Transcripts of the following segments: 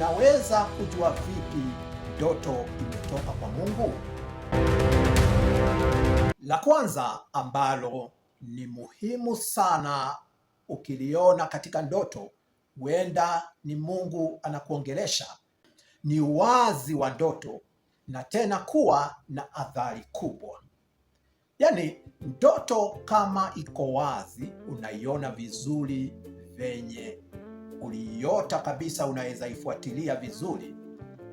Unaweza kujua vipi ndoto imetoka kwa Mungu? La kwanza ambalo ni muhimu sana ukiliona katika ndoto, huenda ni Mungu anakuongelesha, ni uwazi wa ndoto na tena kuwa na athari kubwa. Yaani ndoto kama iko wazi, unaiona vizuri venye uliota kabisa, unaweza ifuatilia vizuri.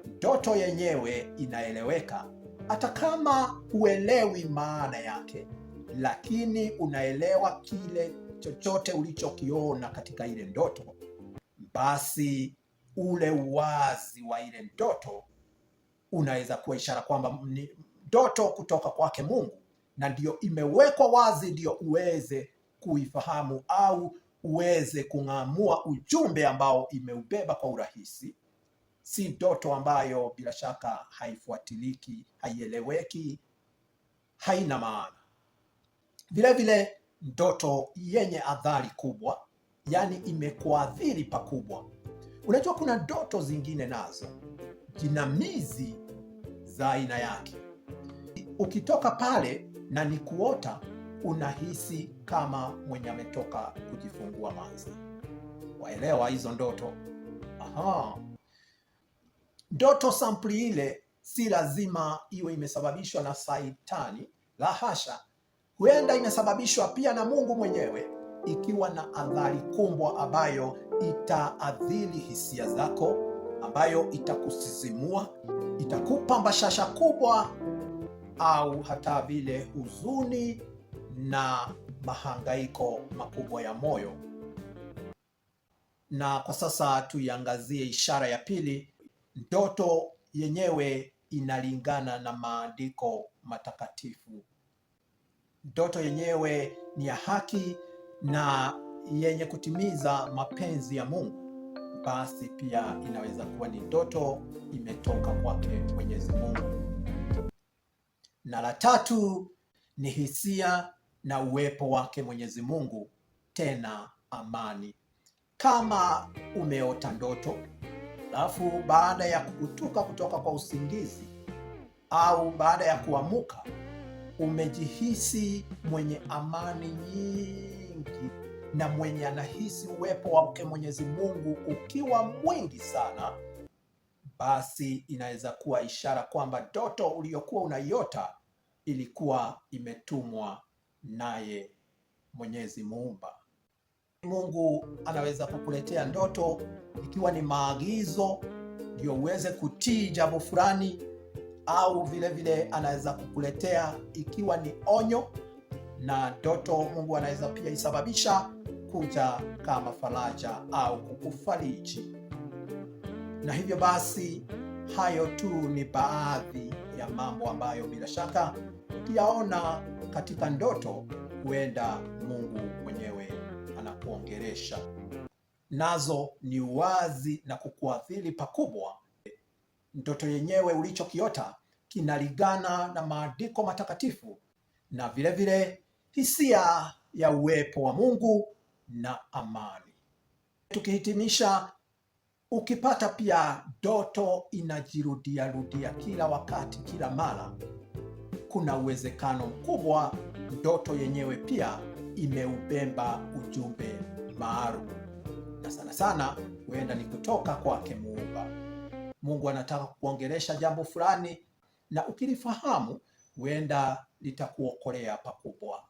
Ndoto yenyewe inaeleweka, hata kama huelewi maana yake, lakini unaelewa kile chochote ulichokiona katika ile ndoto, basi ule uwazi wa ile ndoto unaweza kuwa ishara kwamba ni ndoto kutoka kwake Mungu, na ndiyo imewekwa wazi, ndiyo uweze kuifahamu au uweze kung'amua ujumbe ambao imeubeba kwa urahisi, si ndoto ambayo bila shaka haifuatiliki, haieleweki, haina maana. Vilevile ndoto yenye adhari kubwa, yaani imekuadhiri pakubwa. Unajua, kuna ndoto zingine nazo jinamizi za aina yake, ukitoka pale na ni kuota unahisi kama mwenye ametoka kujifungua manzi. Waelewa hizo ndoto? Aha. Ndoto sampli ile si lazima iwe imesababishwa na Saitani, la hasha. Huenda imesababishwa pia na Mungu mwenyewe, ikiwa na adhari kubwa ambayo itaadhiri hisia zako, ambayo itakusisimua, itakupa mbashasha kubwa, au hata vile huzuni na mahangaiko makubwa ya moyo. Na kwa sasa tuiangazie ishara ya pili. Ndoto yenyewe inalingana na maandiko matakatifu. Ndoto yenyewe ni ya haki na yenye kutimiza mapenzi ya Mungu, basi pia inaweza kuwa ni ndoto imetoka kwake Mwenyezi Mungu. Na la tatu ni hisia na uwepo wake Mwenyezi Mungu, tena amani. Kama umeota ndoto alafu baada ya kukutuka kutoka kwa usingizi au baada ya kuamuka umejihisi mwenye amani nyingi na mwenye anahisi uwepo wake Mwenyezi Mungu ukiwa mwingi sana, basi inaweza kuwa ishara kwamba ndoto uliyokuwa unaiota ilikuwa imetumwa naye Mwenyezi Muumba. Mungu anaweza kukuletea ndoto ikiwa ni maagizo ndio uweze kutii jambo fulani, au vilevile vile anaweza kukuletea ikiwa ni onyo, na ndoto Mungu anaweza pia isababisha kuja kama faraja au kukufariji. Na hivyo basi, hayo tu ni baadhi ya mambo ambayo bila shaka ukiyaona katika ndoto, huenda Mungu mwenyewe anakuongeresha nazo, ni wazi na kukuathiri pakubwa. Ndoto yenyewe ulichokiota kinaligana na maandiko matakatifu na vilevile vile, hisia ya uwepo wa Mungu na amani. Tukihitimisha, ukipata pia ndoto inajirudiarudia kila wakati, kila mara kuna uwezekano mkubwa ndoto yenyewe pia imeubemba ujumbe maalum, na sana sana huenda ni kutoka kwake Muumba. Mungu anataka kuongelesha jambo fulani, na ukilifahamu huenda litakuokolea pakubwa.